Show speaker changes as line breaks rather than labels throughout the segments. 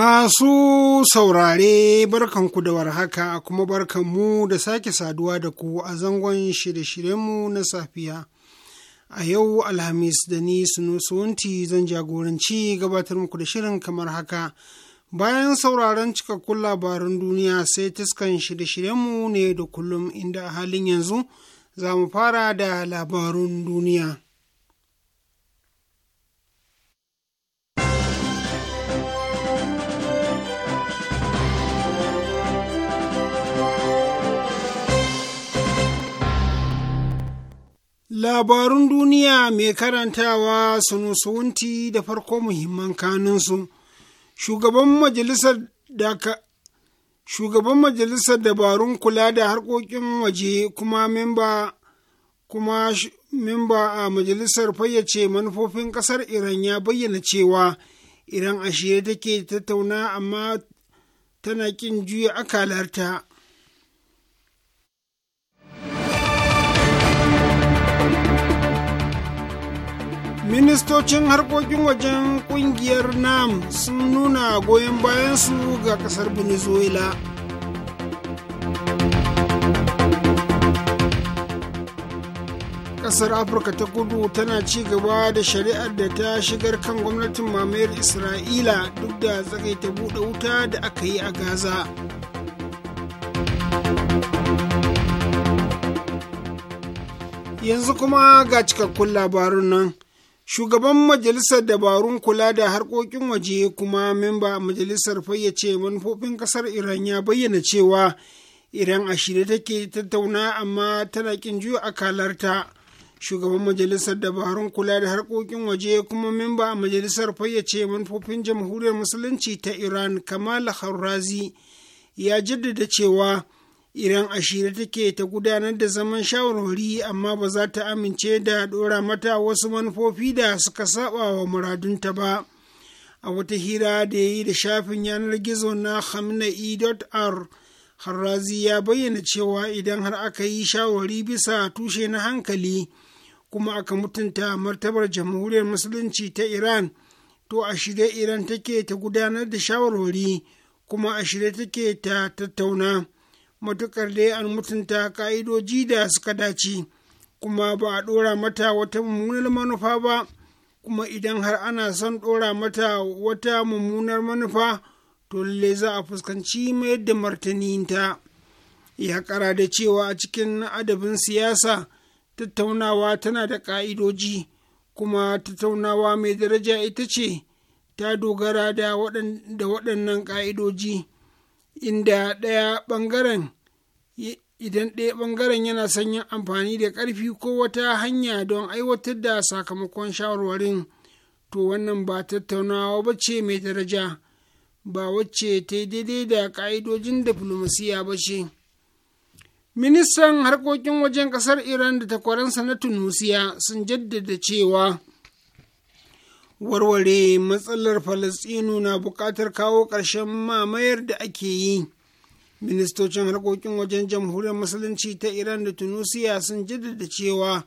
Masu saurare barkanku da warhaka kuma barkanmu da sake saduwa da ku a zangon shirye-shiryenmu na safiya. A yau Alhamis da ni Sunusunti zan jagoranci gabatar muku da shirin kamar haka. Bayan sauraron cikakkun labaran duniya sai tuskan shirye-shiryenmu ne da kullum inda a halin yanzu za mu fara da labarun duniya. Labarun duniya mai karantawa sunusuwunti da farko muhimman kanunsu. Shugaban majalisar dabarun kula da harkokin waje kuma memba kuma memba a majalisar fayyace manufofin kasar Iran ya bayyana cewa Iran ashe shirye take tattauna amma tana kin juya akalarta. ministocin harkokin wajen kungiyar nam sun nuna goyon bayansu ga kasar venezuela kasar afirka ta kudu tana ci gaba da shari'ar da ta shigar kan gwamnatin mamayar isra'ila duk da ta buɗe wuta da aka yi a gaza yanzu kuma ga cikakkun labarun nan shugaban majalisar dabarun kula da harkokin waje kuma memba majalisar fayyace manufofin kasar iran ya bayyana cewa iran a shirye take tattauna amma tana kin juya akalarta shugaban majalisar dabarun kula da harkokin waje kuma memba a majalisar fayyace manufofin jamhuriyar musulunci ta iran kamal harrazi ya jaddada cewa Iran a shirye take ta gudanar da zaman shawarwari amma ba za ta amince da ɗora mata wasu manufofi da suka saba wa muradunta ba. A wata hira da ya yi da shafin yanar gizo na hamna'i.r Harrazi ya bayyana cewa idan har aka yi shawarwari bisa tushe na hankali kuma aka mutunta martabar jamhuriyar musulunci ta Iran to a shirye Iran take ta gudanar da shawarwari kuma a shirye take ta tattauna. matukar dai an mutunta ka'idoji da suka dace kuma ba a ɗora mata wata mummunar manufa ba kuma idan har ana son ɗora mata wata mummunar manufa to lallai za a fuskanci mayar da martaninta ya kara da cewa a cikin adabin siyasa tattaunawa tana da ƙa'idoji kuma tattaunawa mai daraja ita ce ta dogara da waɗannan ƙa'idoji. inda ɗaya ɓangaren idan ɗaya ɓangaren yana son yin amfani da ƙarfi ko wata hanya don aiwatar da sakamakon shawarwarin to wannan ba tattaunawa ba ce mai daraja ba wacce ta yi daidai da ƙa'idojin diflomasiya ba ce ministan harkokin wajen ƙasar iran da takwaransa na tunisiya sun jaddada cewa warware matsalar Falasinu na buƙatar kawo ƙarshen mamayar da ake yi ministocin harkokin wajen jamhuriyar musulunci ta iran da tunisia sun jaddada cewa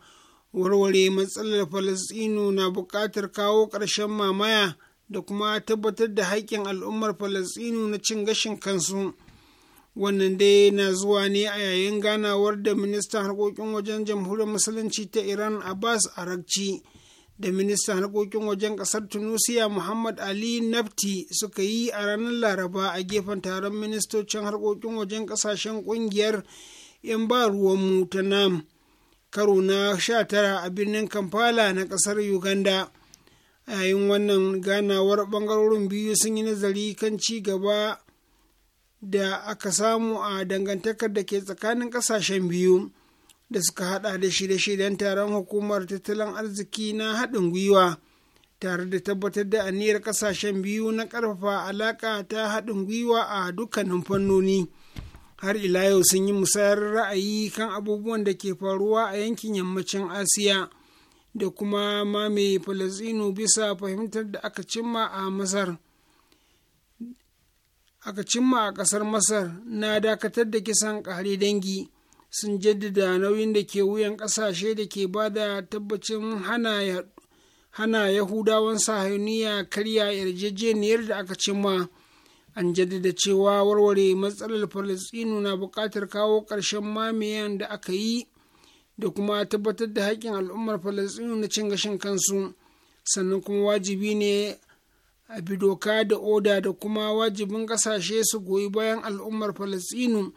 warware matsalar Falasinu na buƙatar kawo ƙarshen mamaya da kuma tabbatar da haƙƙin al'ummar Falasinu na cin gashin kansu wannan dai na zuwa ne a yayin ganawar da ministan harkokin wajen jamhuriyar musulunci ta iran abbas rakci. da ministan harkokin wajen kasar tunisia muhammad ali nafti suka yi a ranar laraba a gefen taron ministocin harkokin wajen kasashen kungiyar yan ba ruwanmu ta nam karo na 19 a birnin kampala na kasar uganda yayin wannan ganawar bangarorin biyu sun yi nazari kan ci gaba da aka samu a dangantakar da ke tsakanin kasashen biyu. da suka hada da shirye-shiryen taron hukumar tattalin arziki na haɗin gwiwa tare da tabbatar da aniyar ƙasashen biyu na ƙarfafa alaƙa ta haɗin gwiwa a dukkanin fannoni har ila yau sun yi musayar ra'ayi kan abubuwan da ke faruwa a yankin yammacin asiya da kuma mame falasino bisa fahimtar da aka cimma a masar aka cimma a ƙasar masar na dakatar da kisan ƙare dangi sun jaddada nauyin da ke wuyan ƙasashe da ke ba da tabbacin hana yahudawan sahayuniya karya yarjejeniyar da aka cimma an jaddada cewa warware matsalar falasɗinu na buƙatar kawo ƙarshen mamayen da aka yi da kuma tabbatar da haƙƙin al'ummar falastinu na cin gashin kansu sannan kuma wajibi ne a bi doka da oda da kuma wajibin ƙasashe su goyi bayan al'ummar falasɗinu.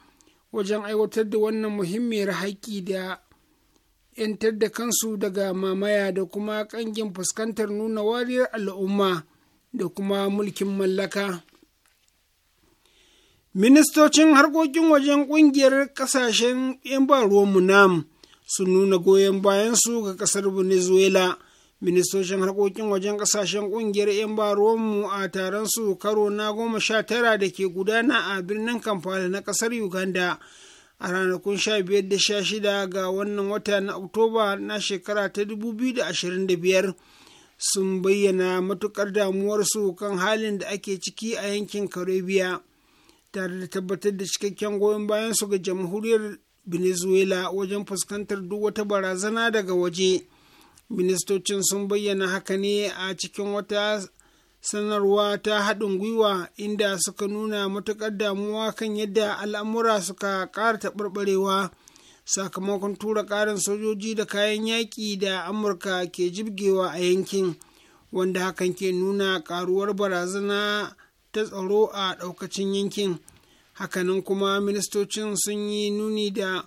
wajen aiwatar da wannan muhimmiyar haƙƙi da 'yantar da kansu daga mamaya da kuma ƙangin fuskantar nuna wariyar al'umma da kuma mulkin mallaka. Ministocin harkokin wajen ƙungiyar ƙasashen 'yan ba ruwan munam sun nuna goyon bayansu ga ƙasar Venezuela. ministocin harkokin wajen kasashen kungiyar 'yan baruwanmu a taron su karo na goma sha tara da ke gudana a birnin kamfani na kasar uganda a ranakun sha biyar da sha shida ga wannan wata na oktoba na shekara ta dubu biyu da ashirin da biyar sun bayyana matukar damuwarsu kan halin da ake ciki a yankin karibiya tare da tabbatar da cikakken goyon bayansu ga jamhuriyar venezuela wajen fuskantar duk wata barazana daga waje. ministocin sun bayyana haka ne a cikin wata sanarwa ta haɗin gwiwa inda suka nuna matuƙar damuwa kan yadda al'amura suka ƙara taɓarɓarewa sakamakon tura ƙarin sojoji da kayan yaƙi da amurka ke jibgewa a yankin wanda hakan ke nuna ƙaruwar barazana ta tsaro a ɗaukacin yankin hakanan kuma ministocin sun yi nuni da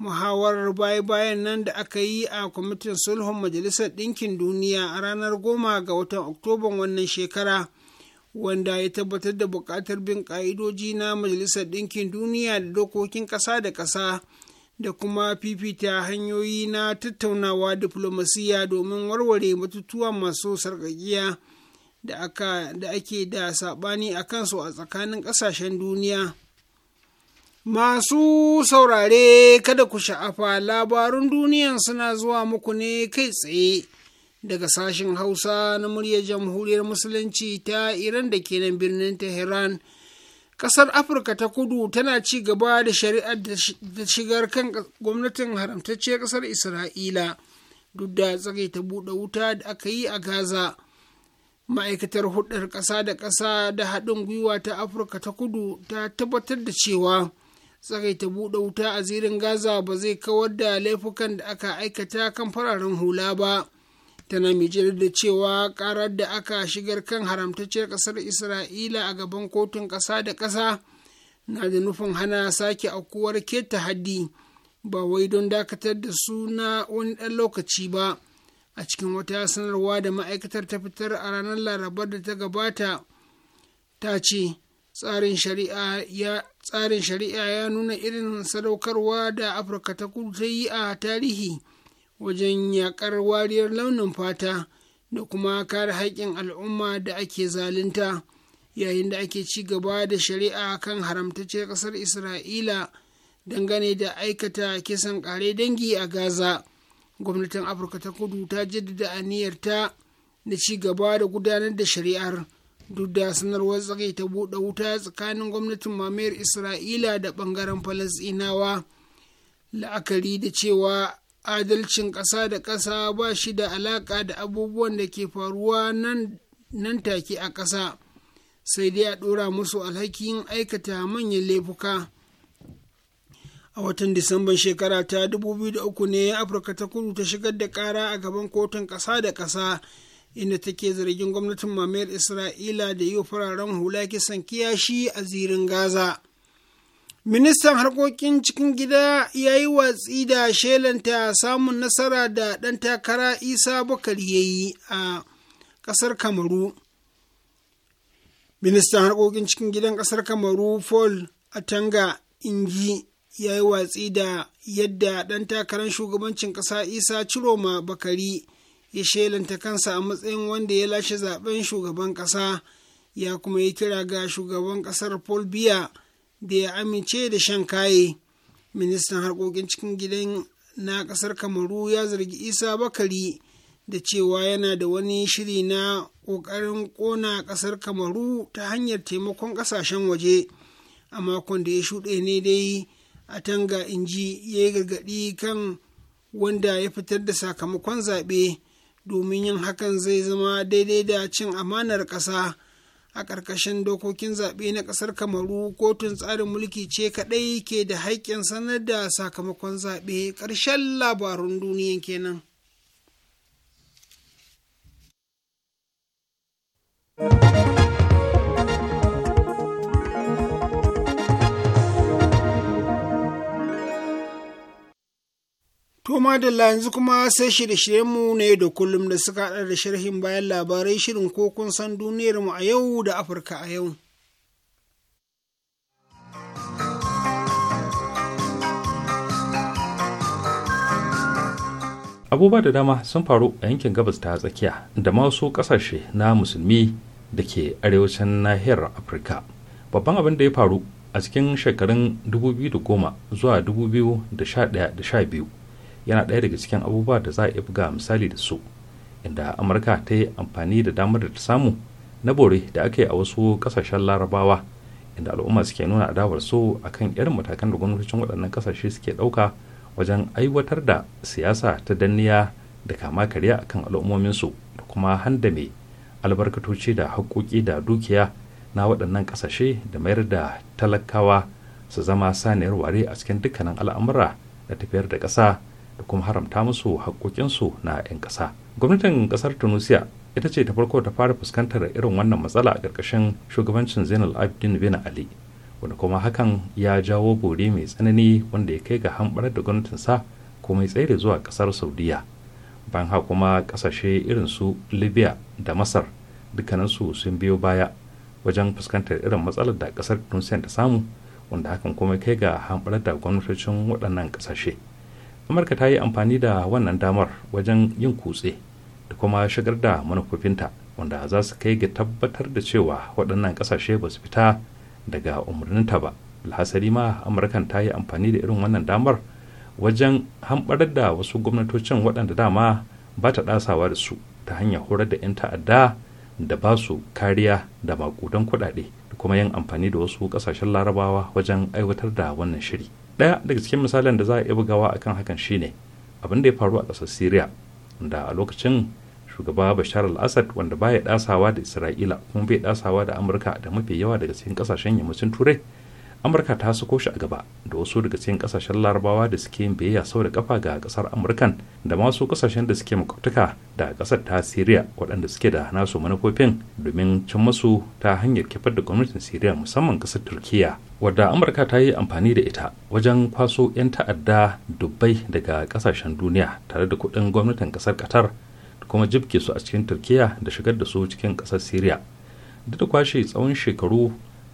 muhawarar baya-bayan nan da aka yi a kwamitin sulhun majalisar ɗinkin duniya a ranar goma ga watan oktoban wannan shekara wanda ya tabbatar da buƙatar bin ƙa'idoji na majalisar ɗinkin duniya da dokokin ƙasa da ƙasa da kuma fifita hanyoyi na tattaunawa diflomasiya domin warware batutuwa masu sarƙaƙiya da ake da saɓani a kansu a tsakanin ƙasashen duniya. Masu saurare kada ku sha'afa labarun duniya suna zuwa muku ne kai tsaye daga sashen Hausa na murya Jamhuriyar Musulunci ta Iran da ke nan birnin Tehran. Ƙasar Afirka ta kudu tana ci gaba da shari'ar da shigar kan gwamnatin haramtacciyar ƙasar Isra'ila duk da tsagai ta buɗe wuta da aka yi a Gaza. Ma'aikatar hudar ƙasa da ƙasa da haɗin gwiwa ta Afirka ta kudu ta tabbatar da cewa. tsagaita buɗe wuta a zirin gaza ba zai kawar da laifukan da aka aikata kan fararen hula ba tana mai da cewa karar da aka shigar kan haramtacciyar ƙasar isra'ila a gaban kotun ƙasa da ƙasa na da nufin hana sake aukuwar keta haddi ba wai don dakatar da su na wani ɗan lokaci ba a cikin wata sanarwa da ma'aikatar ta fitar a ranar larabar da ta gabata ta ce tsarin shari'a ya nuna irin sadaukarwa da afirka ta kudu ta yi a tarihi wajen yakar wariyar launin fata da kuma kare haƙƙin al'umma da ake zalunta yayin da ake ci gaba da shari'a kan haramtacce ƙasar isra'ila dangane da aikata kisan ƙare dangi a gaza gwamnatin afirka ta kudu ta jaddada aniyarta da ci gaba da gudanar da shari'ar duk da sanarwar tsakai ta buɗe wuta tsakanin gwamnatin mamayar isra'ila da ɓangaren falasɗinawa la'akari da cewa adalcin ƙasa da ƙasa ba shi da alaƙa da abubuwan da ke faruwa nan take a ƙasa sai dai a ɗora musu alhakin aikata manyan laifuka a watan disamban shekara ta 2003 ne afirka ta kudu ta shigar da ƙara a gaban kotun ƙasa da ƙasa inda take zargin gwamnatin mamayar isra'ila da yi fararen hula kisan kiyashi a zirin gaza ministan harkokin cikin gida ya yi watsi da shelanta samun nasara da ɗan takara isa Bakar ya yi a ƙasar kamaru ministan harkokin cikin gidan ƙasar kamaru paul atanga ingi ya yi watsi da yadda ɗan takarar shugabancin ƙasa isa ciroma bakari ya shelanta kansa a matsayin wanda ya lashe zaben shugaban kasa ya kuma yi kira ga shugaban kasar paul biya da ya amince da shan kaye ministan harkokin cikin gidan na kasar kamaru ya zargi isa bakari da cewa yana da wani shiri na ƙoƙarin ƙona kasar kamaru ta hanyar taimakon ƙasashen waje a makon da ya shuɗe ne dai a tanga inji ya yi gargaɗi kan wanda ya fitar da sakamakon zaɓe domin yin hakan zai zama daidai da cin amanar ƙasa a ƙarƙashin dokokin zaɓe na ƙasar kamaru kotun tsarin mulki ce kaɗai ke da haƙƙin sanar da sakamakon zaɓe ƙarshen labarun duniyan kenan. To madalla yanzu kuma sai shirye mu ne da kullum da suka haɗa da sharhin bayan labarai shirin ko kun san duniyarmu a yau da Afirka a yau.
Abubuwa da dama sun faru a yankin gabas ta tsakiya da masu ƙasashe na musulmi da ke arewacin nahiyar Afirka. Babban abin da ya faru a cikin shekarun 2010 zuwa 2011 da biyu yana ɗaya daga cikin abubuwa da za a iya buga misali da su inda amurka ta yi amfani da damar da ta samu na bore da aka yi a wasu ƙasashen larabawa inda al'umma suke nuna adawar su akan irin matakan da gwamnatocin waɗannan ƙasashe suke ɗauka wajen aiwatar da siyasa ta danniya da kama karya akan al'ummominsu da kuma handame albarkatoci da haƙoƙi da dukiya na waɗannan ƙasashe da mayar da talakawa su zama saniyar ware a cikin dukkanin al'amura da tafiyar da ƙasa da kuma haramta musu haƙoƙinsu na 'yan ƙasa gwamnatin ƙasar tunisia ita ce ta farko ta fara fuskantar irin wannan matsala a ƙarƙashin shugabancin zainal abidin bin ali wanda kuma hakan ya jawo bore mai tsanani wanda ya kai ga hambar da gwamnatinsa kuma ya tsere zuwa ƙasar saudiya bayan haka kuma ƙasashe irin su libya da masar dukkaninsu sun biyo baya wajen fuskantar irin matsalar da ƙasar tunisia ta samu wanda hakan kuma kai ga hambar da gwamnatocin waɗannan ƙasashe. amurka ta yi amfani da wannan damar wajen yin kutse da kuma shigar da manufofinta wanda za su kai ga tabbatar da cewa waɗannan ƙasashe ba su fita daga umarninta ba alhasari ma amurkan ta yi amfani da irin wannan damar wajen hambarar da wasu gwamnatocin waɗanda dama ba ta ɗasawa da su ta hanyar horar da 'yan ta'adda da ba su kariya da makudan kuɗaɗe da kuma yin amfani da wasu ƙasashen larabawa wajen aiwatar da wannan shiri. daya daga cikin misalin da za a iya bugawa a kan hakan shine abin da ya faru a ƙasar syria da a lokacin shugaba bashar al-assad wanda baya dasawa da isra'ila kuma bai ɗasawa da amurka da mafi yawa daga cikin ƙasashen yammacin turai amurka ta sako shi a gaba da wasu daga cikin kasashen larabawa da suke yin biyayya sau da kafa ga kasar amurkan da masu kasashen da suke makwabtaka da kasar ta syria waɗanda suke da nasu manufofin domin cin masu ta hanyar kifar da gwamnatin syria musamman kasar turkiya wadda amurka ta yi amfani da ita wajen kwaso 'yan ta'adda dubbai daga kasashen duniya tare da kuɗin gwamnatin kasar qatar da kuma jibke su a cikin turkiya da shigar da su cikin kasar syria duk da kwashe tsawon shekaru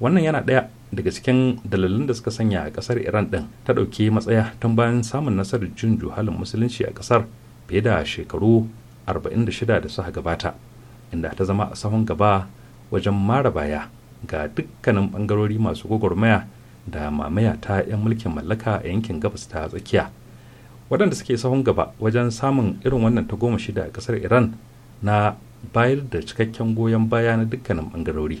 wannan yana daya daga cikin dalilin da suka sanya a kasar iran din ta ɗauki matsaya tun bayan samun nasarar jin juhalin musulunci a kasar fiye da shekaru 46 da suka gabata inda ta zama a sahun gaba wajen mara baya ga dukkanin bangarori masu gwagwarmaya da mamaya ta 'yan mulkin mallaka a yankin gabas ta tsakiya waɗanda suke sahun gaba wajen samun irin wannan ta goma shida a kasar iran na bayar da cikakken goyon baya na dukkanin bangarori.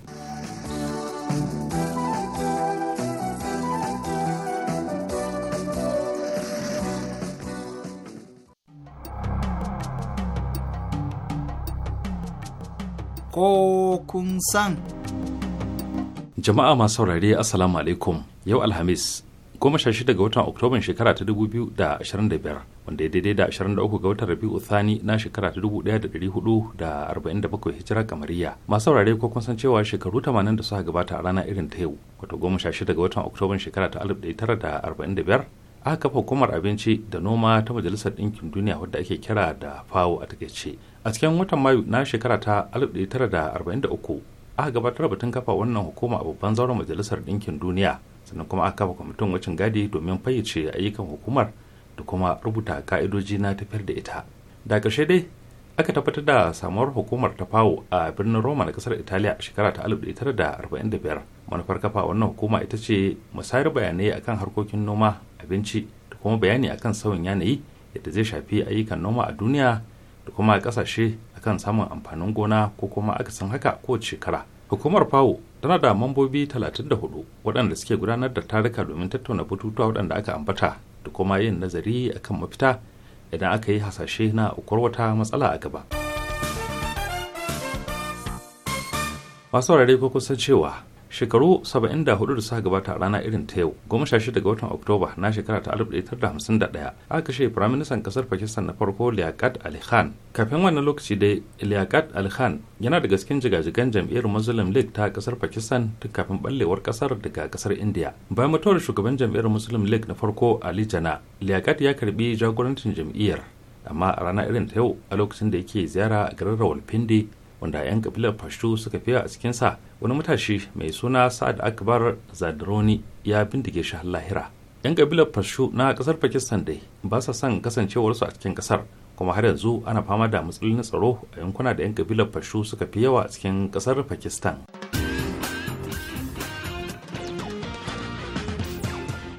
ko kun san.
Jama'a masu saurare Assalamu alaikum yau Alhamis goma sha shida ga watan Oktoban shekara ta dubu biyu da ashirin da biyar wanda ya daidai da ashirin da uku ga watan Rabi'u Thani na shekara ta dubu ɗaya da ɗari hudu da arba'in da bakwai hijira kamariya masu saurare ko kun san cewa shekaru tamanin da suka gabata a rana irin ta yau wato goma sha shida ga watan Oktoban shekara ta alif ɗaya tara da arba'in da biyar aka kafa hukumar abinci da noma ta majalisar ɗinkin duniya wadda ake kira da fawo a takaice a cikin watan mayu na shekara ta 1943 aka gabatar batun kafa wannan hukuma a babban zauren majalisar ɗinkin duniya sannan kuma aka kafa kwamitin wucin gadi domin fayyace ayyukan hukumar da kuma rubuta ka'idoji na tafiyar da ita da ƙarshe dai aka tabbatar da samuwar hukumar ta fawo a birnin roma na kasar italiya a shekara ta 1945 manufar kafa wannan hukuma ita ce musayar bayanai akan harkokin noma abinci da kuma bayani akan sauyin yanayi yadda zai shafi ayyukan noma a duniya da kuma kasashe akan samun amfanin gona ko kuma akasin haka ko shekara hukumar fawo tana da mambobi 34 waɗanda suke gudanar da taruka domin tattauna batutuwa waɗanda aka ambata da kuma yin nazari akan mafita idan aka yi hasashe na ukwar wata matsala a gaba. masu saurare ko kusan cewa shekaru 74 da suka gabata a rana irin ta yau goma sha shida ga watan oktoba na shekara ta 1951 aka kashe firaministan kasar pakistan na farko liaqat ali khan kafin wannan lokaci dai liaqat ali khan yana da cikin jigajigan jam'iyyar muslim league ta kasar pakistan tun kafin ballewar kasar daga kasar india bayan mutuwar shugaban jam'iyyar muslim league na farko ali jana liaqat ya karbi jagorancin jam'iyyar amma a rana irin ta yau a lokacin da yake ziyara a garin rawalpindi wanda 'yan kabilar fashu suka fiya a cikinsa wani matashi mai suna sa'ad akbar zadroni ya bindige shi lahira 'yan kabilar fashu na kasar pakistan dai ba sa son kasancewarsu a cikin kasar kuma har yanzu ana fama da matsalolin tsaro a yankuna da 'yan kabilar fashu suka fi yawa a cikin kasar pakistan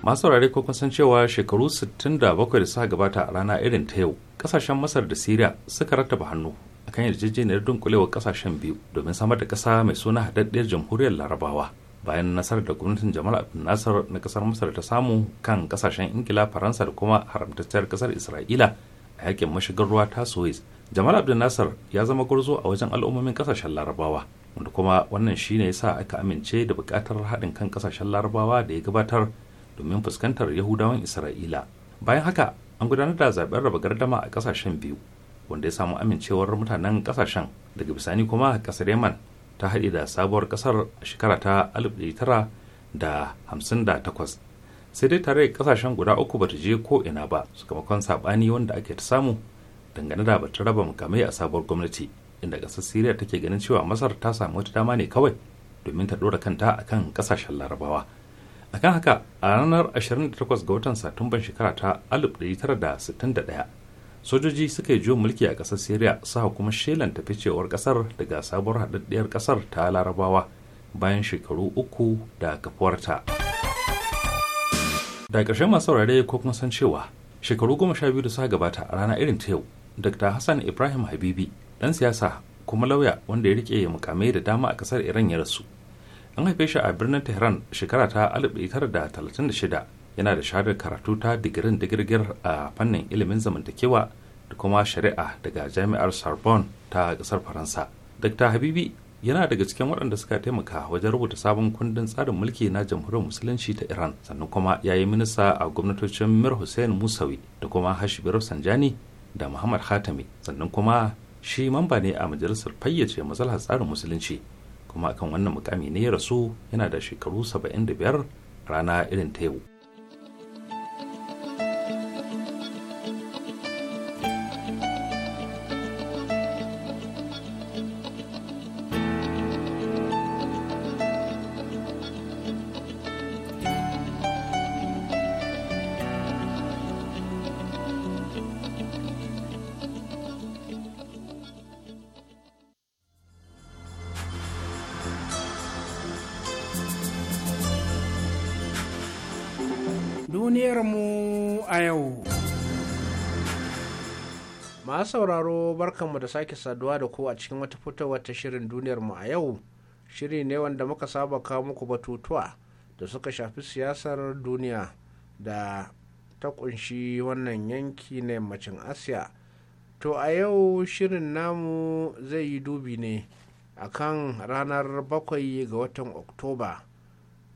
masu rare ko kun san cewa shekaru 67 da suka gabata a rana irin ta yau kasashen masar da syria suka rattaba hannu kan yarjejeniyar dunkulewar kasashen biyu domin samar da kasa mai suna haɗaɗɗiyar jamhuriyar larabawa bayan nasarar da gwamnatin jamal abdul nasar na kasar masar ta samu kan kasashen ingila faransa da kuma haramtacciyar kasar isra'ila a yakin mashigar ruwa ta suez jamal abdul nasar ya zama gwarzo a wajen al'ummomin kasashen larabawa wanda kuma wannan shine sa aka amince da buƙatar haɗin kan kasashen larabawa da ya gabatar domin fuskantar yahudawan isra'ila bayan haka an gudanar da zaben raba gardama a kasashen biyu wanda ya samu amincewar mutanen kasashen daga bisani kuma kasar yaman ta haɗe da sabuwar kasar a shekara ta 1958 sai dai tare kasashen guda uku ba ta je ko ina ba sakamakon saɓani wanda ake ta samu dangane da bata raba mukamai a sabuwar gwamnati inda ƙasar siriya take ganin cewa masar ta samu wata dama ne kawai domin ta ɗora kanta a kan ƙasashen larabawa akan haka a ranar 28 ga watan satumban shekara ta 1961 sojoji suka yi juyin mulki a ƙasar syria suka kuma shelanta ficewar ƙasar daga sabuwar haɗaɗɗiyar ƙasar ta larabawa bayan shekaru uku da kafuwarta da ƙarshen masu saurare ko kuma san cewa shekaru goma sha biyu da suka gabata a rana irin ta yau dr hassan ibrahim habibi ɗan siyasa kuma lauya wanda ya rike mukamai da dama a ƙasar iran ya rasu an haife shi a birnin tehran shekara ta 1936 yana da shafin karatu ta digirin digirgir a fannin ilimin zamantakewa da kuma shari'a daga jami'ar sorbonne ta kasar faransa dr habibi yana daga cikin waɗanda suka taimaka wajen rubuta sabon kundin tsarin mulki na jamhuriyar musulunci ta iran sannan kuma ya yi minista a gwamnatocin mir hussein musawi da kuma hashibir sanjani da muhammad hatami sannan kuma shi mamba ne a majalisar fayyace matsalar tsarin musulunci kuma akan wannan mukami ne ya rasu yana da shekaru saba'in da biyar rana irin ta yau
sauraro barkanmu da sake saduwa da ku a cikin wata fitowar ta shirin duniyar mu a yau shiri ne wanda muka saba kawo muku batutuwa da suka shafi siyasar duniya da ta kunshi wannan yanki na yammacin asiya to a yau shirin namu zai yi dubi ne a kan ranar bakwai ga watan oktoba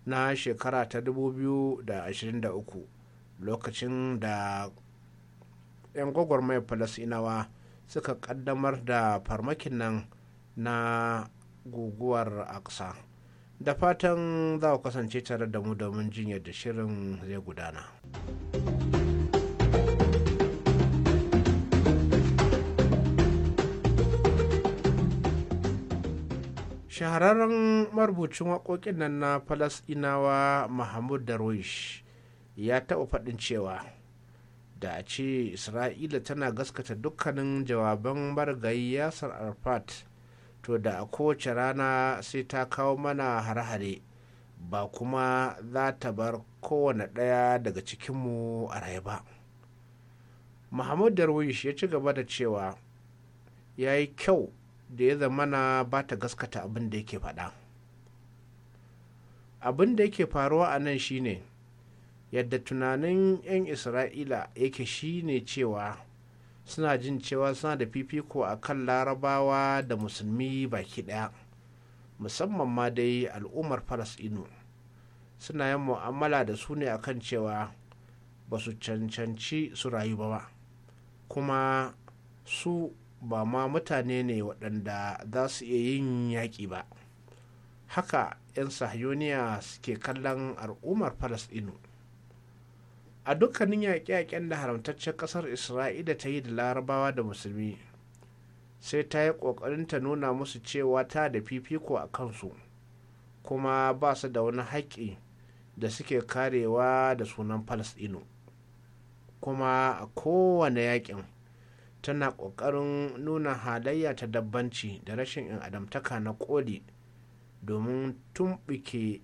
na shekara ta 2023 lokacin da 'yan gwagwarmayar falasinawa suka kaddamar da farmakin nan na guguwar aksa da fatan za ku kasance tare da mu domin jin da shirin zai gudana. shahararren marubucin waƙoƙin nan na falasinawa mahmud darwish ya taɓa faɗin cewa da a ce isra'ila tana gaskata dukkanin jawaban marigayi yasar arfat to da a kowace rana sai ta kawo mana hare-hare ba kuma za ta bar kowane ɗaya daga cikinmu a rai ba muhammad darwish ya ci gaba da cewa ya yi kyau da ya zamana ba ta gaskata abin da yake faɗa abin da yake faruwa a nan shine ne yadda tunanin 'yan isra'ila yake shine cewa suna jin cewa suna da fifiko a kan larabawa da musulmi baki ɗaya musamman ma dai al'ummar faras falasɗinu suna yin mu'amala da su ne akan cewa ba su cancanci su rayu ba kuma su ba ma mutane ne waɗanda za su iya yin yaƙi ba haka 'yan sahiyoniya suke kallon al'ummar faras falasɗinu a dukkanin yaƙe-yaƙen da haramtaccen ƙasar isra'ila ta yi da larabawa da musulmi sai ta yi ƙoƙarin ta nuna musu cewa ta da fifiko a kansu kuma ba su da wani haƙƙi da suke karewa da sunan falasɗinu kuma a kowane yaƙin tana ƙoƙarin nuna halayya ta dabbanci da rashin in adamtaka na ƙoli domin tumɓuke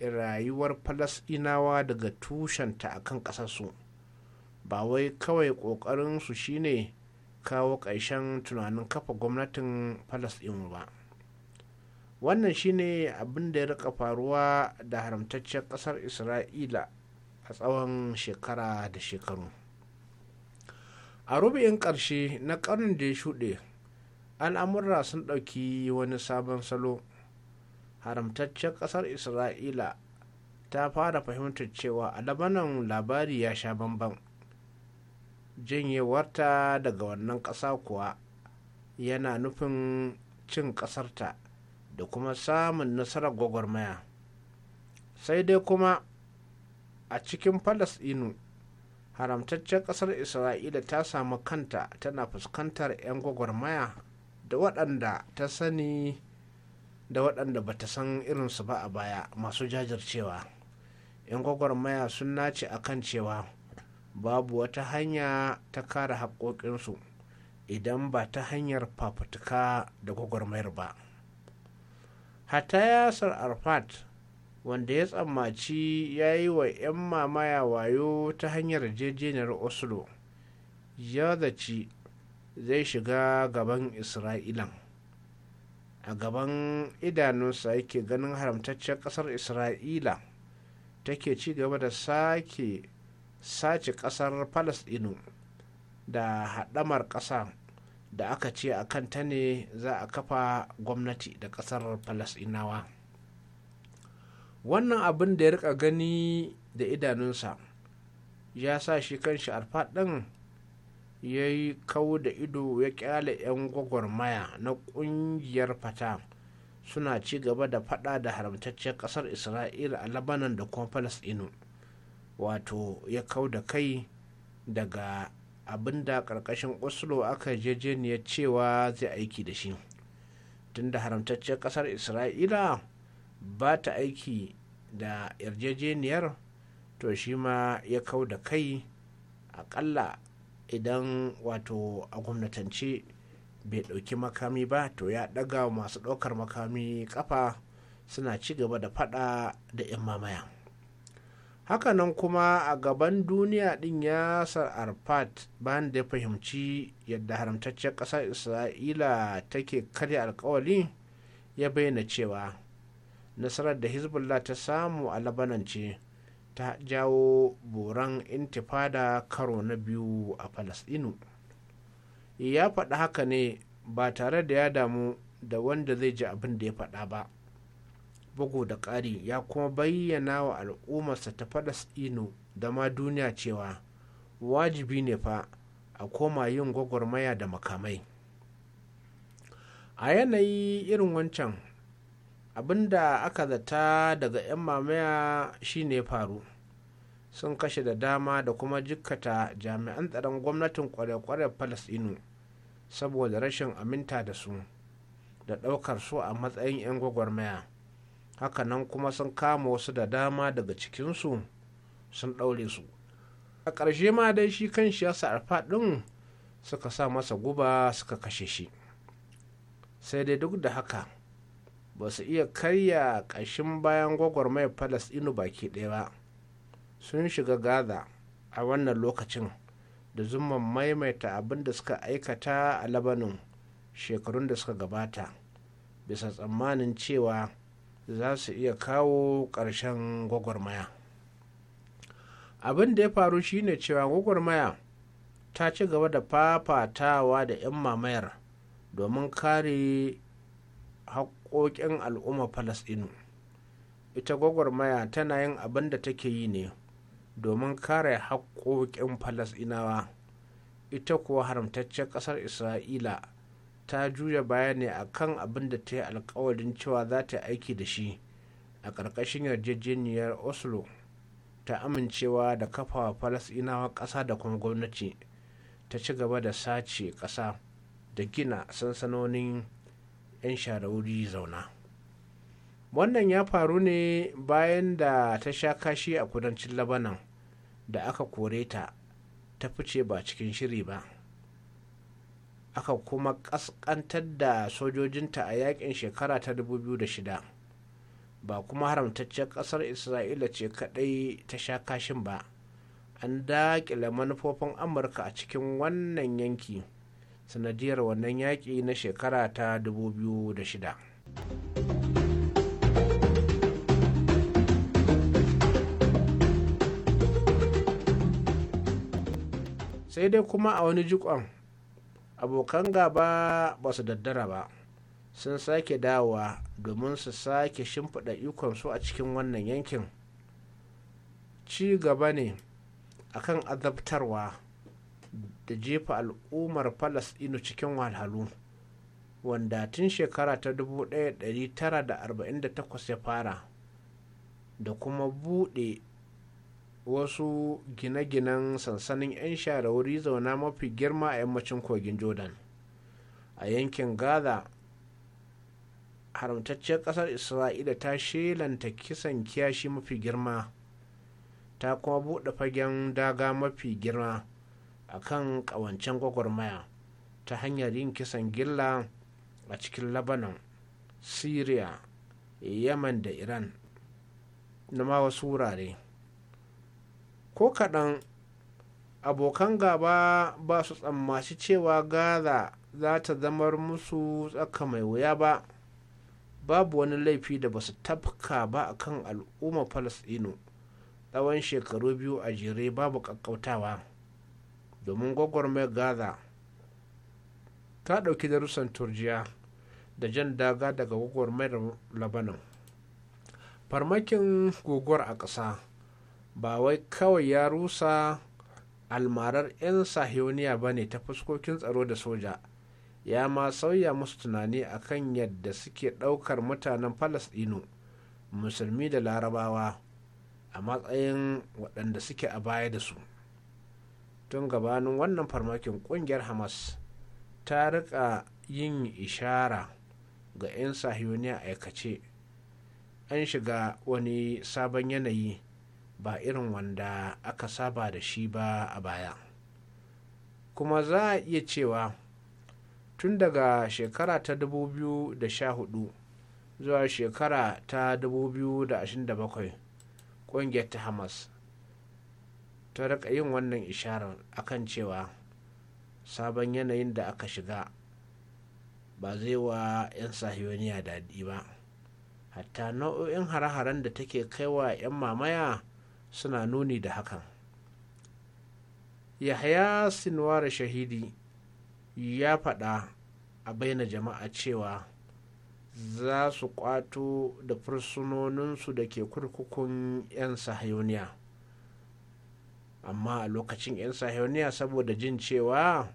rayuwar falasɗinawa daga tushenta a kan ƙasarsu ba wai kawai ƙoƙarinsu shine kawo ƙarshen tunanin kafa gwamnatin falasɗinu ba wannan shine abin da ya rika faruwa da haramtacciyar ƙasar isra'ila a tsawon shekara da shekaru a rubin ƙarshe na ƙarnin da ya shuɗe al'amurra sun ɗauki wani sabon salo haramtaccen ƙasar isra'ila ta fara fahimtar cewa a labanan labari ya sha bamban janyewarta daga wannan ƙasa kuwa yana nufin cin ƙasarta da kuma samun nasarar gwagwarmaya sai dai kuma a cikin falasɗinu haramtaccen ƙasar isra'ila ta samu kanta tana fuskantar 'yan gwagwarmaya da waɗanda ta sani da waɗanda ba ta san irinsu ba a baya masu jajircewa 'yan gwagwarmaya sun nace a kan cewa babu wata hanya ta kare haƙoƙinsu idan ba ta hanyar fafutuka da gwagwarmayar ba hatta yasir arfat wanda ya tsammaci ya yi wa 'yan mamaya wayo ta hanyar jejeniyar oslo ya zaci zai shiga gaban isra'ilan a gaban idanunsa yake ganin haramtaccen ƙasar isra'ila take ci gaba da sake sace ƙasar palestino da haɗamar ƙasa da aka ce a kan ta ne za a kafa gwamnati da ƙasar palestinawa wannan abin da ya rika gani da idanunsa ya sa shi kanshi alfaɗin ya yi kawo da ido ya kyale 'yan gwagwarmaya na kungiyar fata suna ci gaba da fada da haramtacciyar kasar isra'ila a labanan da kuma palestino wato ya kau da kai daga abin da karkashin oslo aka yarjejeniyar cewa zai aiki da shi tunda haramtacciyar kasar isra'ila ba ta aiki da yarjejeniyar to shi ma ya kau da kai akalla idan wato a gwamnatance bai ɗauki makami ba to ya ɗaga masu ɗaukar makami kafa suna ci gaba da faɗa da 'yan mamaya hakanan kuma a gaban duniya din ya sar arfat bayan da ya fahimci yadda haramtacciyar ƙasar isra'ila take karya alkawali ya bayyana cewa nasarar da hezbollah ta samu a labanan ce ta jawo boran intifada karo na biyu a falasɗinu ya faɗi haka ne ba tare da ya damu da wanda zai ji abin da ya faɗa ba bugu da ƙari ya kuma bayyana wa al'ummarsa ta falasɗinu da ma duniya cewa wajibi ne fa a koma yin gwagwarmaya da makamai a yanayi irin wancan Abin da aka zata daga 'yan mamaya shine faru sun kashe da dama da kuma jikkata jami'an tsaron gwamnatin kware-kware saboda rashin aminta da su da ɗaukar su a matsayin 'yan gwagwarmaya hakanan kuma sun kama wasu da dama daga cikinsu sun ɗaure su a ƙarshe ma dai shi kan shi yasa arfa ɗin suka sa masa guba suka kashe shi sai dai duk da haka ba su iya karya ƙashin bayan gwagwarmayar falasɗinu baki ɗaya ba sun shiga gaza a wannan lokacin da zuma maimaita abin da suka aikata a labanin shekarun da suka gabata bisa tsammanin cewa za su iya kawo ƙarshen gwagwarmaya abin da ya faru shine cewa gwagwarmaya ta ci gaba da fafatawa da 'yan mamayar domin kare haƙoƙin al'umma falasɗinu ita gwagwarmaya tana yin abin da take yi ne domin kare haƙoƙin falasɗinawa ita kuwa haramtaccen ƙasar isra'ila ta juya baya ne a kan abin da ta yi alkawarin cewa za ta aiki da shi a ƙarƙashin yarjejeniyar oslo ta amincewa da kafawa falasɗinawa ƙasa da kuma gwamnati ta ci gaba da sace ƙasa da gina sansanonin 'yan sharauri zauna wannan ya faru ne bayan da ta sha kashi a kudancin labanan da aka kore ta ta fice ba cikin shiri ba aka kuma ƙasƙantar da sojojinta a yakin shekara ta 2006 ba kuma haramtaccen ƙasar isra'ila ce kaɗai ta sha kashin ba an daƙile manufofin amurka a cikin wannan yanki sanadiyar wannan yaƙi na shekara ta 2006 sai dai kuma a wani jikon abokan gaba ba su daddara ba sun sake dawowa domin su sake shimfiɗa ikon su a cikin wannan yankin ci gaba ne akan azabtarwa da jefa al'ummar falasɗinu cikin wahalhalu wanda tun shekara ta 1948 ya fara da kuma buɗe wasu gine-ginen sansanin 'yan share wuri zauna mafi girma a yammacin kogin jordan a yankin gaza haramtacciyar ƙasar isra'ila ta shelanta kisan kiyashi mafi girma ta kuma buɗe fagen daga mafi girma a kan ƙawancen gwagwarmaya ta hanyar yin kisan gilla a cikin labanon syria yaman da iran na ma wasu wurare ko kaɗan abokan gaba ba su tsammaci cewa gaza za ta zamar musu tsaka mai wuya ba babu wani laifi da ba su tafka ba akan al'ummar falasɗinu tsawon shekaru biyu a jere babu ƙaƙƙautawa. domin gwagwarmayar gaza ta ɗauki darussan turjiya da jan daga daga gwagwarmayar labanin farmakin guguwar a ƙasa ba wai kawai ya rusa almarar 'yan sahioniya ba ne ta fuskokin tsaro da soja ya ma sauya musu tunani a kan yadda suke ɗaukar mutanen falasɗinu musulmi da larabawa a matsayin waɗanda suke a baya da su tun gabanin wannan farmakin kungiyar hamas ta rika yin ishara ga 'yan sahiyoniya aikace an shiga wani sabon yanayi ba irin wanda aka saba da shi ba a baya kuma za a iya cewa tun daga shekara ta 2014 zuwa shekara ta 2027 ƙungiyar ta hamas ta rika yin wannan isharar akan cewa sabon yanayin da aka shiga ba zai wa 'yan sahiyoniya daɗi ba hatta nau'o'in hare-haren da take wa 'yan mamaya suna nuni da hakan yahaya sinuwar shahidi ya faɗa a baina jama'a cewa za su kwato da fursunoninsu da ke kurkukun 'yan sahayoniya amma a lokacin 'yan sahiyoniya saboda jin cewa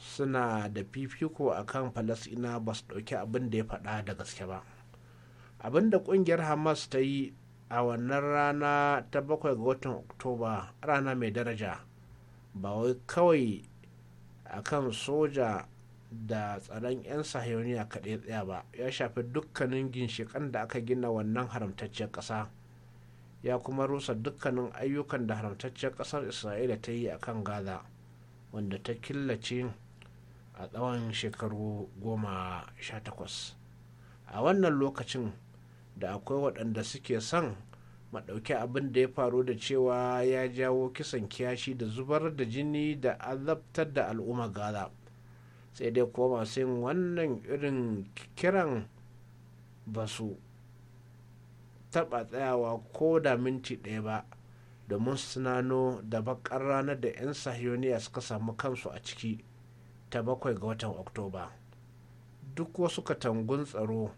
suna da fifiko a kan falasina ba su ɗauki abin da ya faɗa da gaske ba abin da ƙungiyar hamas ta yi a wannan rana ta bakwai ga watan oktoba rana mai daraja ba wai kawai a kan soja da tsaron 'yan sahiyoniya kaɗai tsaya ba ya shafi dukkanin ginshiƙan da aka gina wannan haramtacciyar ƙasa ya kuma rusa dukkanin ayyukan da haramtacciyar ƙasar isra'ila ta yi a kan gaza wanda ta killace a tsawon shekaru goma sha takwas a wannan lokacin da akwai waɗanda suke son maɗauki abin da ya faru da cewa ya jawo kisan kiyashi da zubar da jini da azabtar da al'umma gaza sai dai kuma masu yin wannan irin kiran ba su taɓa tsayawa ko da minti ɗaya ba domin su da bakar ranar da 'yan sahiyoniya suka samu kansu a ciki ta bakwai ga watan oktoba duk wasu katangun tsaro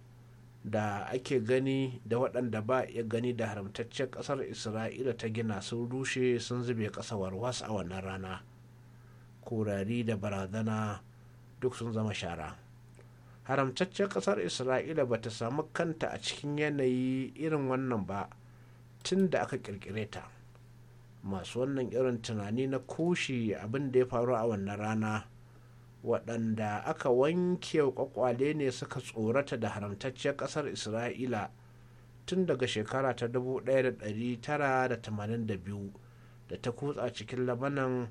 da ake gani da waɗanda ba iya gani da haramtaccen ƙasar isra'ila ta gina sun rushe sun zube ƙasawar wasu a wannan rana kurari da barazana duk sun zama shara haramtaccen ƙasar isra'ila ba ta samu kanta a cikin yanayi irin wannan ba tun da aka ƙirƙire ta masu wannan irin tunani na kushi abin da ya faru a wannan rana waɗanda aka wanke kwakwale ne suka tsorata da haramtacciyar ƙasar isra'ila tun daga shekara ta 1982 da ta kutsa cikin labanan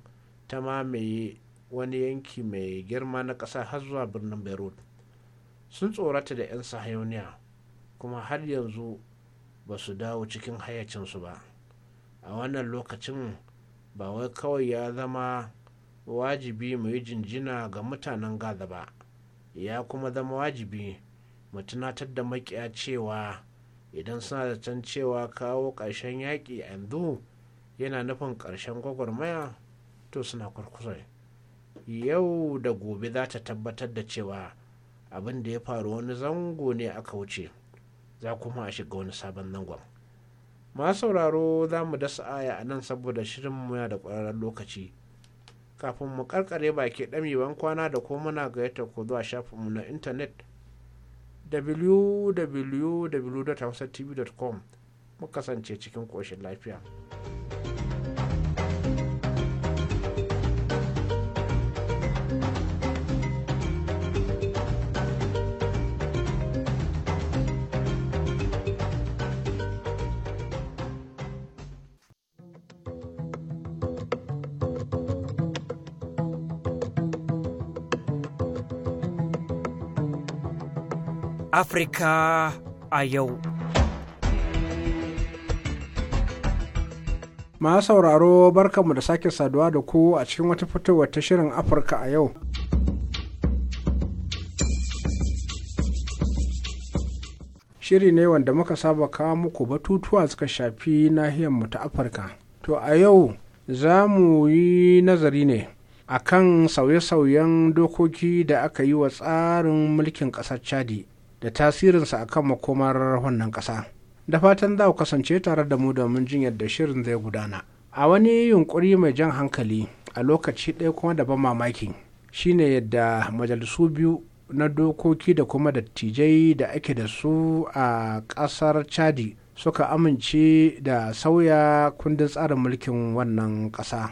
ta mamaye wani yanki mai girma na ƙasa har zuwa birnin beirut sun tsorata da 'yan sahayoniya kuma har yanzu ba su dawo cikin hayyacinsu ba a wannan lokacin ba wai kawai ya zama wajibi mu yi jinjina ga mutanen gaza ba ya kuma zama wajibi mu tunatar da makiya cewa idan suna da can cewa kawo ƙarshen yaƙi a yanzu yana nufin ƙarshen gwagwarmaya to suna kurkusa yau da gobe za ta tabbatar da cewa abin da ya faru wani zango ne aka wuce za kuma a shiga wani sabon zangon masu sauraro za mu dasa aya a nan saboda shirin muya da ƙwararren lokaci kafin mu karkare baki ɗamewan kwana da ko muna gayyata ko zuwa shafinmu na intanet www.hausatv.com mu kasance cikin ƙoshin lafiya.
Afirka a yau.
Ma sauraro barkanmu da sake saduwa da ku a cikin wata fitowar ta shirin Afirka a yau. Shiri ne wanda muka saba kawo muku batutuwa suka shafi nahiyarmu ta Afirka. To a yau za mu yi nazari ne a kan sauye-sauyen dokoki da aka yi wa tsarin mulkin ƙasar Chadi. da tasirinsa a kan makomar wannan ƙasa. Da fatan za ku kasance tare da mu domin jin yadda shirin zai gudana. A wani yunƙuri mai jan hankali a lokaci ɗaya kuma da ban mamaki shine yadda majalisu biyu na dokoki da kuma dattijai da ake da su a ƙasar Chadi suka amince da sauya kundin tsarin mulkin wannan ƙasa.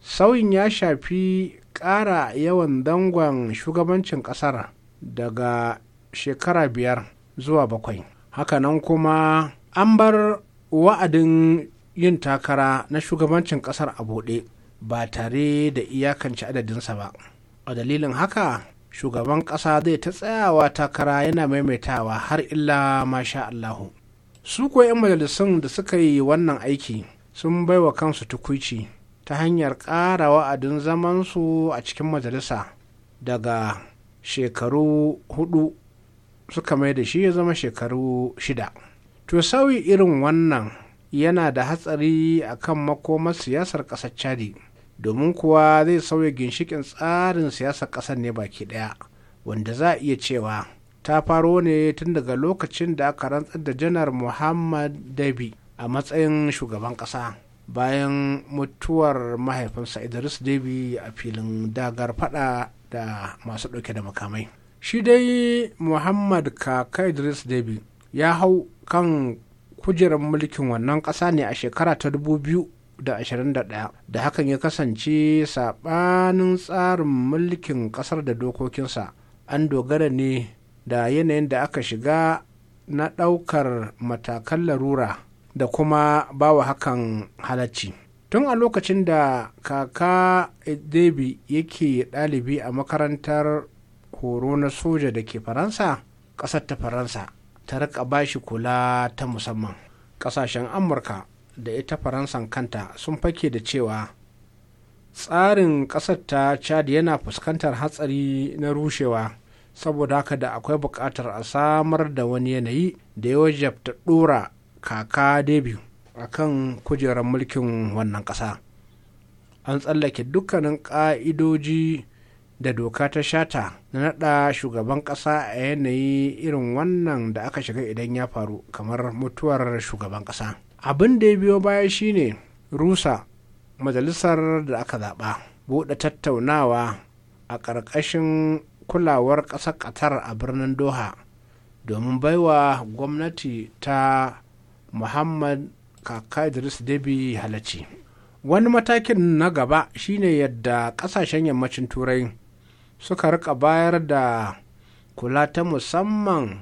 Sauyin ya shafi ƙara yawan dangon shugabancin ƙasar daga shekara biyar zuwa bakwai hakanan kuma an bar wa'adin yin takara na shugabancin kasar a buɗe ba tare da iyakance adadinsa ba a dalilin haka shugaban ƙasa zai ta tsayawa takara yana maimaitawa har illa masha Allahu. Su kuwa 'yan majalisun da suka yi wannan aiki sun baiwa kansu tukuici ta hanyar ƙara wa'adin zamansu a cikin majalisa daga shekaru hudu suka mai da shi ya zama shekaru shida to sauyi irin wannan yana da hatsari a kan makomar siyasar ƙasar chadi domin kuwa zai sauya ginshikin tsarin siyasar ƙasar ne baki ɗaya wanda za a iya cewa ta faro ne tun daga lokacin da aka rantsar da janar muhammad dabi a matsayin shugaban ƙasa bayan mutuwar mahaifinsa idris dabi a filin dagar fada da masu ɗauke da makamai shi dai muhammad kaka idris debi ya hau kan kujerar mulkin wannan ƙasa ne a shekara ta 2021 da hakan ya kasance saɓanin tsarin mulkin ƙasar da dokokinsa an dogara ne da yanayin da aka shiga na ɗaukar matakan larura da kuma bawa hakan halacci tun a lokacin da kaka debi yake ɗalibi a makarantar horo na soja da ke faransa ƙasar ta faransa ta rika bashi kula ta musamman ƙasashen amurka da ita faransan kanta sun fake da cewa tsarin ƙasar ta chad yana fuskantar hatsari na rushewa saboda haka da akwai buƙatar a samar da wani yanayi da ya ta ɗora kaka debi a kan kujerar mulkin wannan ƙasa an tsallake dukkanin ƙa'idoji da doka ta shata na naɗa shugaban ƙasa a yanayi irin wannan da aka shiga idan ya faru kamar mutuwar shugaban ƙasa abin da ya biyo baya shine rusa majalisar da aka zaɓa buɗe tattaunawa a ƙarƙashin kulawar ƙasar ƙatar a birnin doha domin baiwa gwamnati ta muhammad kaka idris debi halacci wani matakin na gaba shine yadda ƙasashen yammacin turai suka rika bayar da kula ta musamman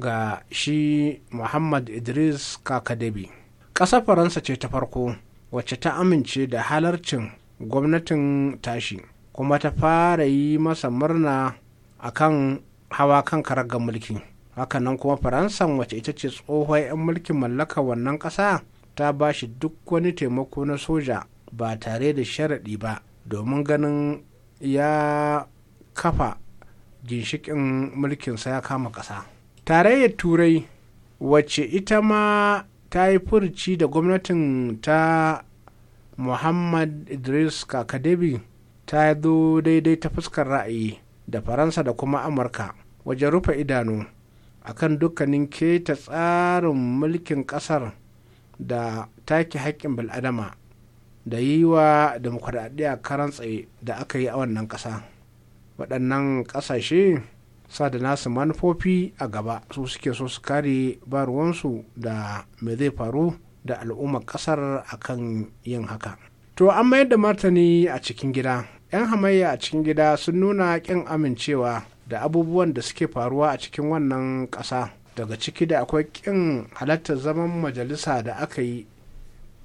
ga shi muhammad idris kakadebi ƙasa faransa ce ta farko wacce ta amince da halarcin gwamnatin tashi kuma ta fara yi masa murna a kan hawa kan karagar mulki hakanan kuma faransa wacce ita ce tsohon 'yan mulkin mallaka wannan ƙasa ta ba shi duk wani taimako na soja ba tare da sharaɗi ba domin ganin ya kafa ginshikin mulkinsa ya kama ƙasa tarayyar turai wacce ita ma ta yi furci da gwamnatin ta muhammad idris kakadebi ta zo daidai ta fuskar ra'ayi da faransa da kuma amurka wajen rufe idanu akan dukkanin keta tsarin mulkin ƙasar da take haƙƙin bil'adama da yi wa demokuraɗiyya karan tsaye da aka yi a wannan ƙasa. waɗannan ƙasashe sa da nasu manufofi a gaba su suke so su kare baruwansu da me zai faru da al'ummar ƙasar a kan yin haka to an mayar da martani a cikin gida 'yan hamayya a cikin gida sun nuna ƙin amincewa da abubuwan da suke faruwa a cikin wannan ƙasa daga ciki da akwai ƙin halartar zaman majalisa da aka yi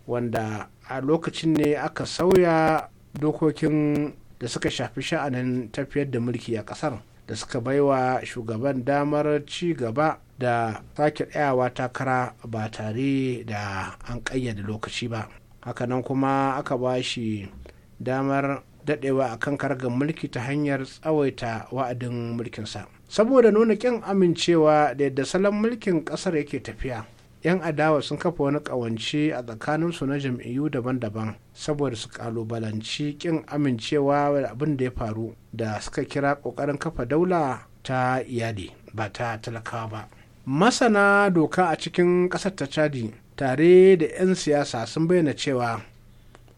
wanda a lokacin ne aka sauya dokokin da suka shafi sha'anin tafiyar da mulki a kasar da suka baiwa shugaban damar ci gaba da sake tsayawa takara ba tare da an ƙayyade lokaci ba hakanan kuma aka ba shi damar daɗewa a kan kargar mulki ta hanyar tsawaita wa'adin mulkinsa saboda nuna kin amincewa da yadda salon mulkin ƙasar yake tafiya 'yan adawa sun kafa wani ƙawance a tsakaninsu na jam'iyyu daban-daban saboda su kalubalanci ƙin amincewa da abin da ya faru da suka kira ƙoƙarin kafa daula ta iyali ba ta talakawa ba masana doka a cikin ƙasar ta chadi tare da 'yan siyasa sun bayyana cewa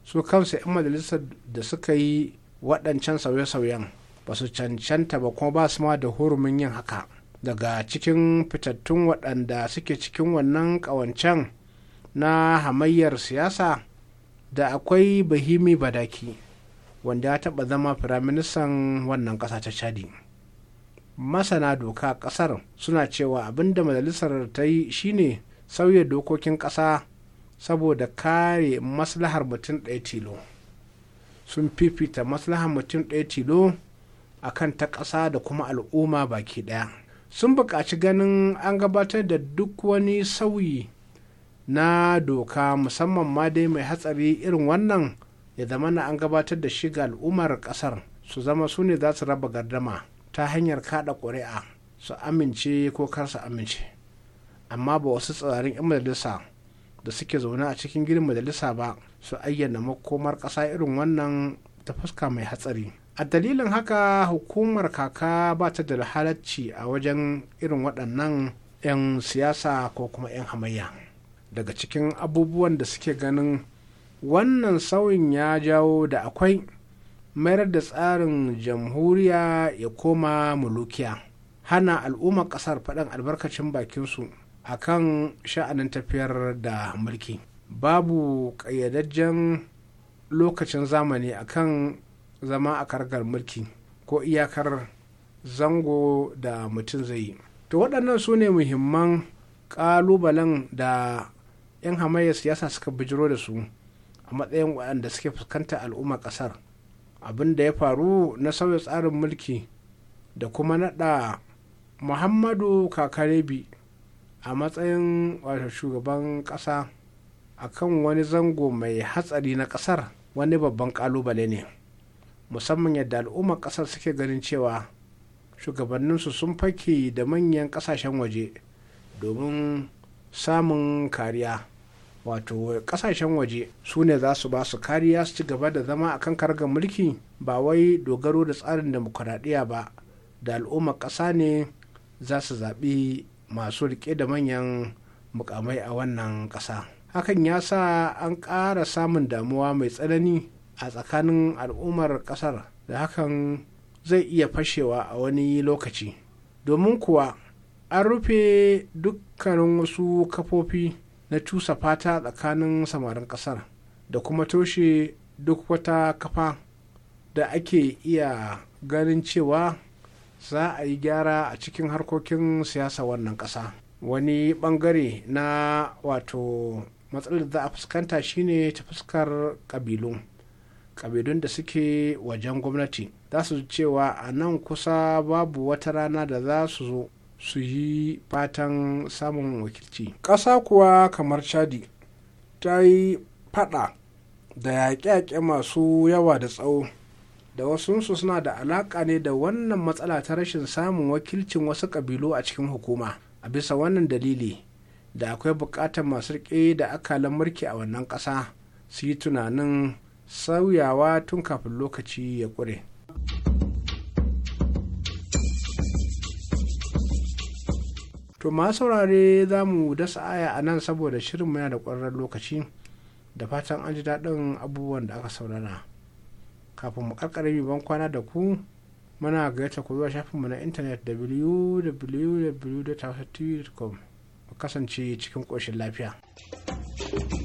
su kansu 'yan majalisar da suka yi waɗancan sauye-sauyen ba su cancanta ba kuma ba su ma da hurumin yin haka daga cikin fitattun waɗanda suke cikin wannan ƙawancen na hamayyar siyasa da akwai bahimi badaki wanda ya taɓa zama firaministan wannan ƙasa ta chadi masana doka ƙasar suna cewa abin da majalisar ta yi shine sauya dokokin ƙasa saboda kare maslahar mutum ɗaya tilo sun fifita maslahar mutum ɗaya tilo a kan ta ƙasa da kuma al'umma baki ɗaya sun buƙaci ganin an gabatar da duk wani sauyi na doka musamman ma dai mai hatsari irin wannan ya zama na an gabatar da shi ga al'ummar ƙasar su zama su ne za su raba gardama ta hanyar kaɗa ƙuri'a su amince ko kar su amince amma ba wasu tsirarin 'yan majalisa da suke zaune a cikin gidan majalisa ba su ayyana makomar ƙasa irin wannan ta fuska mai hatsari a dalilin haka hukumar kaka ba ta da halacci a wajen irin waɗannan 'yan siyasa ko kuma 'yan hamayya daga cikin abubuwan da suke ganin wannan sauyin ya jawo da akwai mayar da tsarin jamhuriya ya koma mulukiya hana al'ummar ƙasar faɗin albarkacin bakinsu a kan sha'anin tafiyar da mulki babu ƙayyadajjen lokacin zamani a akan zama a kargar mulki ko iyakar zango da mutum zai yi to waɗannan su ne muhimman ƙalubalen da 'yan hamayya siyasa suka bijiro da su a matsayin waɗanda suke fuskanta al'umma ƙasar abin da ya faru na sauya tsarin mulki da kuma naɗa muhammadu kakarebi a matsayin wato shugaban ƙasa a kan wani zango mai hatsari na ƙasar wani babban ƙalubale ne musamman yadda al'ummar ƙasar suke ganin cewa shugabanninsu sun fake da manyan ƙasashen waje domin samun kariya wato ƙasashen waje su ne za su ba su kariya su ci gaba da zama a kan kargar mulki ba wai dogaro da tsarin demokuraɗiyya ba da al'ummar ƙasa ne za su zaɓi masu riƙe da manyan mukamai a wannan ƙasa hakan ya sa an ƙara samun damuwa mai tsanani a tsakanin al'ummar kasar da hakan zai iya fashewa a wani lokaci domin kuwa an rufe dukkanin wasu kafofi na cusa fata tsakanin samarin kasar da kuma toshe duk wata kafa da ake iya ganin cewa za a yi gyara a cikin harkokin siyasa wannan ƙasa wani bangare na wato matsalar da a fuskanta shine ta fuskar ƙabilu kabilun da suke wajen gwamnati za su cewa a nan kusa babu wata rana da za su zo su yi fatan samun wakilci ƙasa kuwa kamar chadi ta yi fada da yaƙe-yaƙe masu yawa da tsawo da wasunsu suna da alaƙa ne da wannan matsala ta rashin samun wakilcin wasu ƙabilu a cikin hukuma a bisa wannan dalili da akwai buƙatar masu riƙe da akalan mulki a wannan ƙasa su yi tunanin sauyawa tun kafin lokaci ya ƙure. to ma saurare za mu dasa aya a nan saboda shirin yana da ƙwararren lokaci da fatan an ji daɗin abubuwan da aka saurara kafin mu ƙarƙare ban kwana da ku muna gayyata ku zuwa shafinmu na intanet www.tv.com mu kasance cikin ƙoshin lafiya. thank you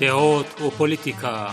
דעות ופוליטיקה